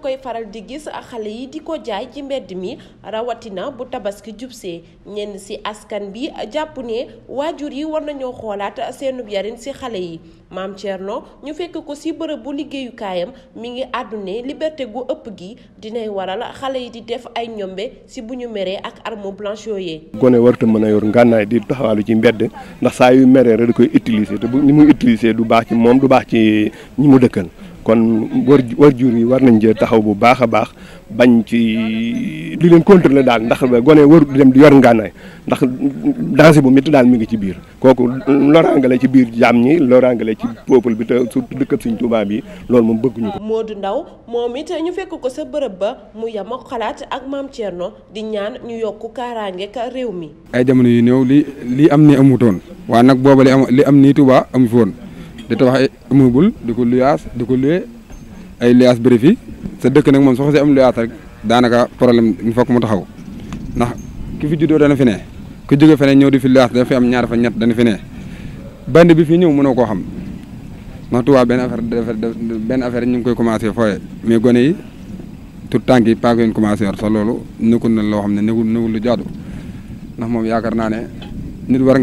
daf koy faral di gis xale yi di ko jaay ci mbedd mi rawatina bu tabaski jubsee ñenn si askan bi jàpp ne waajur yi war nañoo xoolaat seenub yarin si xale yi maam Thierno ñu fekk ko si bërëb bu liggéeyukaayam mi ngi àddu ne liberté gu ëpp gi dinay waral xale yi di def ay ñombe si bu ñu meree ak arme blanche yooyee. gone warta mën a yor ngànnaay di taxawaalu ci mbedd ndax saa yu meree rek da koy utiliser te bu ni muy utiliser du baax ci moom du baax ci ñi mu dëkkal. kon war war jur yi war nañ jël taxaw bu baax a baax bañ ci di leen contrôler daal ndax gone waru dem di yor ngànnaay ndax danger bu métti daal mi ngi ci biir kooku loraange la ci biir jaam ñi loraange la ci peuple bi te surtout dëkkab Sëñ Tuubaa bi loolu moom bëgguñu ko. Modou Ndaw moom it ñu fekk ko sa bërëb ba mu yem ak xalaat ak maam Thierno di ñaan ñu yokk kaaraange ka réew mi. ay jamono yu néew li li am ni amutoon waa nag booba li am li am nii Tuubaa amu fi di tabax ay immeuble di ko luyaas di ko luye ay luyaas bëri fi sa dëkk nag moom soo xasee am luyaas rek daanaka problème mu fokk mu taxaw ndax ki fi juddoo dana fi ne ku jóge fene ñëw di fi luyaas dana fi am ñaar fa ñett dana fi ne bandi bi fi ñëw mënoo koo xam ndax tubaab benn affaire benn affaire ñu ngi koy commencé fooye mais gone yi tout tànk yi paak yoon commencé war sax loolu nekkul na loo xam ne nekkul nekkul lu jaadu ndax moom yaakaar naa ne nit war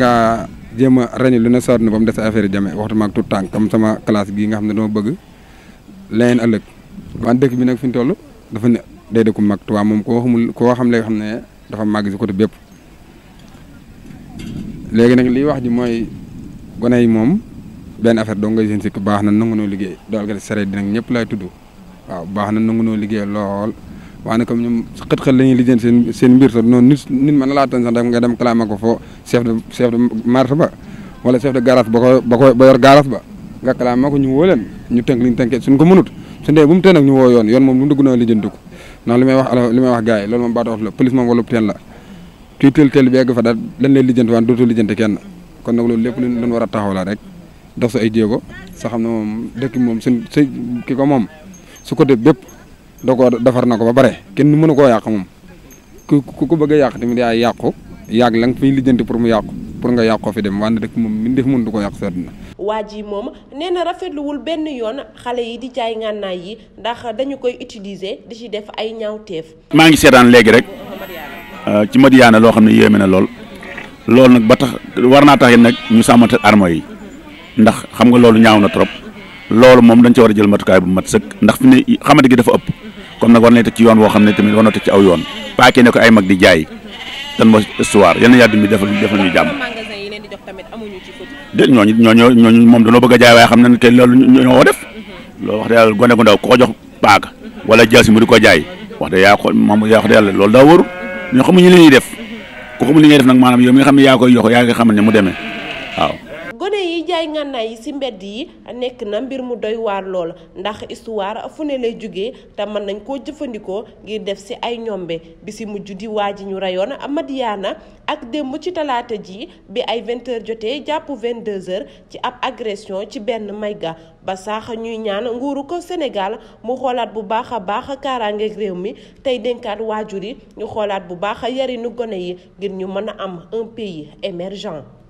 jéem a rañu lu ne sori na ba mu des affaire jame waxtu maag tout tànk comme sama classe bii nga xam ne dama bëgg leneen ëllëg waan dëkk bi nag fi ñu toll dafa ne day dëkku mag Tuubaa moom koo xamul koo xam léegi xam ne dafa màgg si côté bépp léegi nag liy wax ji mooy gone yi moom benn affaire dong ngay seen baax na nangu noo liggéey dool ga sareet di nag ñëpp laay tudd waaw baax na nangu noo liggéey lool waaye nag comme ñoom xët-xët la ñuy seen seen mbir te noonu nit nit na laa tan sax def nga dem clamé ko foo chef de chef de marché ba wala chef de garage ba ko ba ko ba yor garage ba ñu woo leen ñu tënk li ñu tënkee suñ ko mënut su bu mu tee nag ñu woo yoon yoon moom lu mu na lijjanti ko ndax li may wax li may wax gars yi loolu moom baatu wax la police moom kon nag loolu lépp luñ a taxaw la rek dox sa xam ne moom dëkk moom suñ sa ki ko moom su côté bépp da defar na ko ba pare kenn mënu koo yàq moom ku ku bëgg a yàq tamit yaay yàqu yàgg lan nga fiy lijjanti pour mu yàqu pour nga yàqoo fi dem wante rek moom min def mun du ko yàq sa dina waa ji moom nee na rafetluwul benn yoon xale yi di jaay ngànnaay yi ndax dañu koy utiliser di ci def ay ñaawteef. maa ngi seetaan léegi rek euh, ci Madiana loo xam ne yéeme na lool loolu nag ba tax war naa tax it nag ñu sàmmate armo yi ndax xam nga loolu ñaaw na trop loolu moom dañ ci war jël matukaay bu mat sëkk ndax fi gi dafa ëpp. kon nag war na teg ci yoon woo xam ne tamit war na teg ci aw yoon paakee ne ko ay mag di jaay dan moo histoire yal na yàlla dimbali defal defal ñu jàmm déet ñooñu ñooñu ñooñu moom dañoo bëgg a jaay waaye xam na ne te loolu ñoo def mhm. loolu wax dëgg yàlla gone gu ko jox paaka wala jaasi mu jaay wax dëgg yaa ko moom yaa wax dëgg yàlla loolu daa wóorul ñoo ñu li ñuy def ku xamul li ngay def nag maanaam yow mi nga xam ne yaa koy yox yaa nga xam ne mu demee waaw jaay ngànnaay yi ci mbedd yi nekk na mbir mu doy waar lool ndax histoire fu ne lay jugee te mën nañ koo jëfandikoo ngir def ci ay ñombe bi ci mujj di ji ñu rayoon Madiana ak démb ci talaata ji bi ay 20h jotee jàpp 22h ci ab agression ci benn mayga ba sax ñuy ñaan nguuru ko Sénégal mu xoolaat bu baax a baax a kaaraangeeg réew mi tey dénkaat waajur yi ñu xoolaat bu baax a yarinu gone yi ngir ñu mën a am un pays émergent